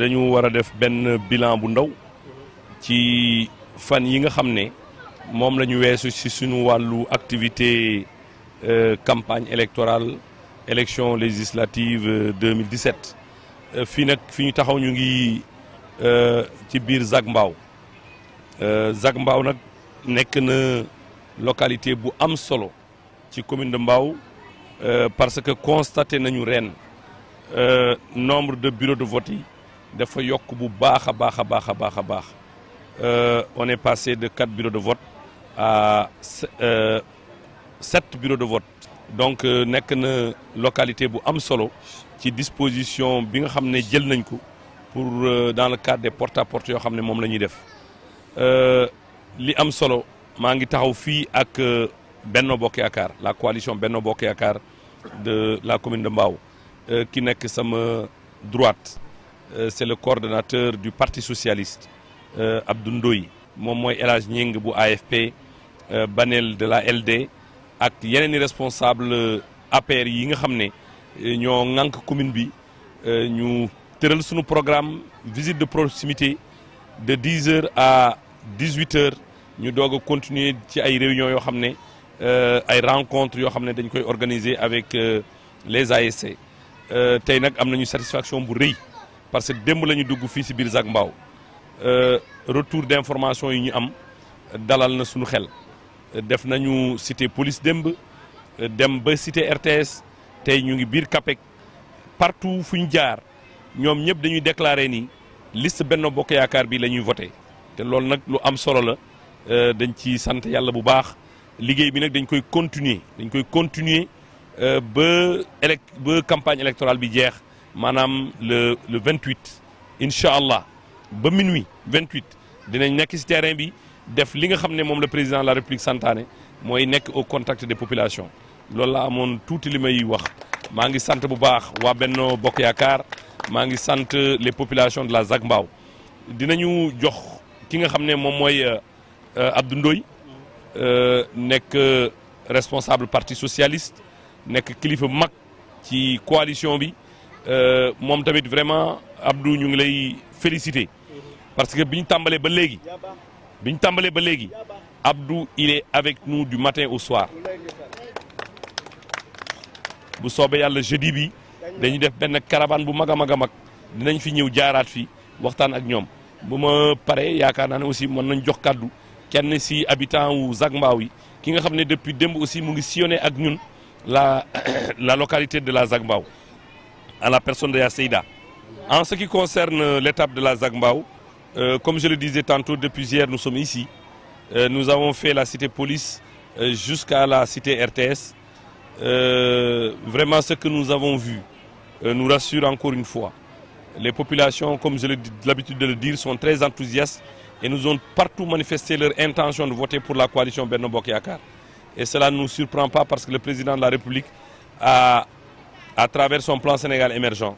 dañu wara def bilan bu ndaw ci fan yi nga xamné mom lañu activité euh, campagne électorale élection législative 2017 Nous nak fiñu taxaw ñu ngi euh, ci bir Zac Mbao euh, localité bu am solo ci commune de Mbao parce que constaté nañu nombre de bureaux de vote dafa yokk bu baax a baax a baax a baax a baax euh, on est passé de quatre bureaux de vote à euh, sept bureaux de vote donc euh, nekk na localité bu am solo ci disposition bi nga xam ne jël nañ ko pour dans le cadre des porte à porte yoo xam ne moom la ñuy def li am solo maa ngi taxaw fii ak Benno Bokk Yaakaar la coalition Benno Bokk Yaakaar de la commune de Mbao ki nekk sama droite euh, c'est le coordonnateur du parti socialiste euh, Abdou Ndoye Moi, mooy le bu AFP euh, Banel de la LD ak a des responsable APR yi nga xam ne ñoo Nous commune bi ñu tëral un programme visite de proximité de 10 h à 18 h Nous devons continuer ci ay réunions des rencontres que nous organiser avec les ASC tey nag am satisfaction pour rëy parce que démb la ñu dugg fii si biir Zac euh, retour d'information yi ñu am dalal na suñu xel def nañu cité police demb dem ba cité RTS tay ñu ngi bir CAPEC partout fuñ jaar ñom ñëpp dañuy déclaré ni liste Benno Bokk yaakar bi la voter té lool nak lu am solo la euh, dañ ci sant yalla bu baax liggéey bi nak dañ koy continuer dañ koy continuer euh, ba élec ba campagne électorale bi jeex Madame le le 28 inshallah ba minuit 28 dinañ ci terrain bi def le président de la république santane moy au contact des populations lool la amone tout li may wax ma ngi sante bu baax wa Benno les populations de la Zac dinañu jox ki nga xamné mom moy euh, euh, Abdou euh, responsable parti socialiste nek kilifa mak ci coalition bi euh, moom tamit vraiment Abdou ñu ngi lay féliciter parce que bin tambalé tàmbalee ba léegi bi ba Abdou il est avec nous du matin au soir bu savez le jeudi bi dañuy def benn caravane bu mag a mag a mag dinañ fi ñëw qui, fi waxtaan ak ñoom bu ma paree aussi mën nañ jox kàddu kenn si habitant wu Zac qui yi ki nga xam depuis démb aussi mu ngi sillonné ak ñun la la localité de la Zac à la personne de Yaseida. En ce qui concerne euh, l'étape de la Zagmbao, euh, comme je le disais tantôt, depuis hier, nous sommes ici. Euh, nous avons fait la cité police jusqu'à la cité RTS. vraiment, ce que nous avons vu nous rassure encore une fois. Les populations, comme j'ai l'habitude de le dire, sont très enthousiastes et nous ont partout manifesté leur intention de voter pour la coalition Bernobok Yakar. Et cela ne nous surprend pas parce que le président de la République a à travers son plan Sénégal émergent,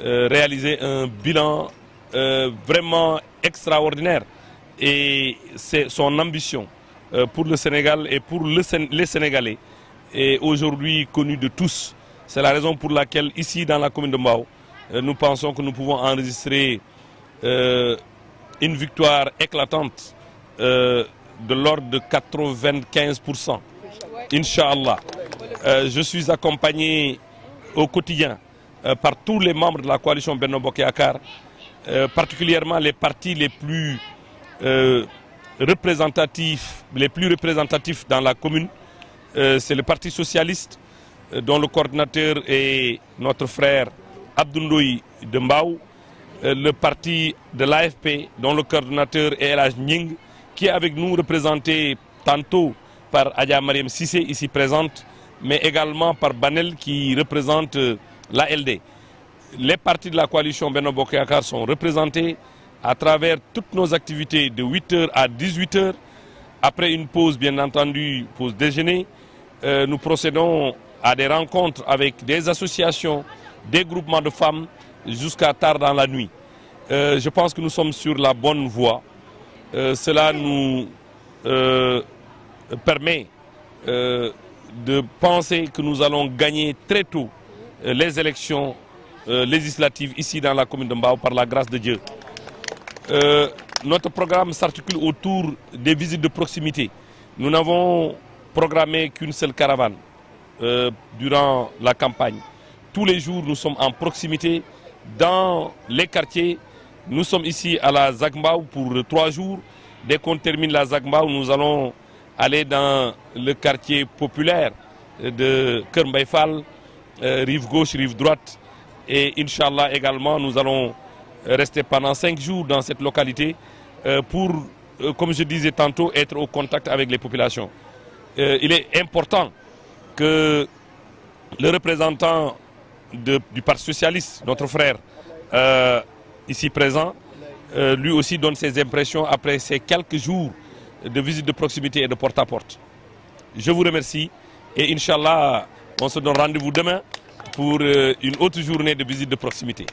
euh, réaliser un bilan euh, vraiment extraordinaire. Et c'est son ambition euh, pour le Sénégal et pour le, les Sénégalais et aujourd'hui connue de tous. C'est la raison pour laquelle, ici, dans la commune de Mbao, nous pensons que nous pouvons enregistrer une victoire éclatante de l'ordre de 95%. Inch'Allah. je suis accompagné au quotidien euh, par tous les membres de la coalition Benno Bokéakar, euh, particulièrement les partis les plus euh, représentatifs, les plus représentatifs dans la commune. C'est le Parti socialiste dont le coordinateur est notre frère Abdoundoui Dembaou, le parti de l'AFP dont le coordinateur est Elaj Ning, qui est avec nous représenté tantôt par Adja Mariam Sissé, ici présente, mais également par Banel qui représente euh, l'ALD. Les partis de la coalition Beno Bokéakar sont représentés à travers toutes nos activités de 8h à 18h. Après une pause, bien entendu, pause déjeuner, euh, nous procédons à des rencontres avec des associations, des groupements de femmes jusqu'à tard dans la nuit. Euh, je pense que nous sommes sur la bonne voie. cela nous permet de penser que nous allons gagner très tôt euh, les élections euh, législatives ici dans la commune de Mbao par la grâce de Dieu. Euh, notre programme s'articule autour des visites de proximité. Nous n'avons programmé qu'une seule caravane durant la campagne. Tous les jours, nous sommes en proximité dans les quartiers. Nous sommes ici à la Zagmbaou pour trois jours. Dès qu'on termine la Zagmbaou nous allons aller dans le quartier populaire de Kermbaïfal, euh, rive gauche, rive droite. Et Inch'Allah également, nous allons rester pendant cinq jours dans cette localité euh, pour, euh, comme je disais tantôt, être au contact avec les populations. il est important que le représentant du Parti Socialiste, notre frère, ici présent, lui aussi donne ses impressions après ces quelques jours de visite de proximité et de porte-à-porte. Je vous remercie et Inch'Allah, on se donne rendez-vous demain pour euh, une autre journée de visite de proximité.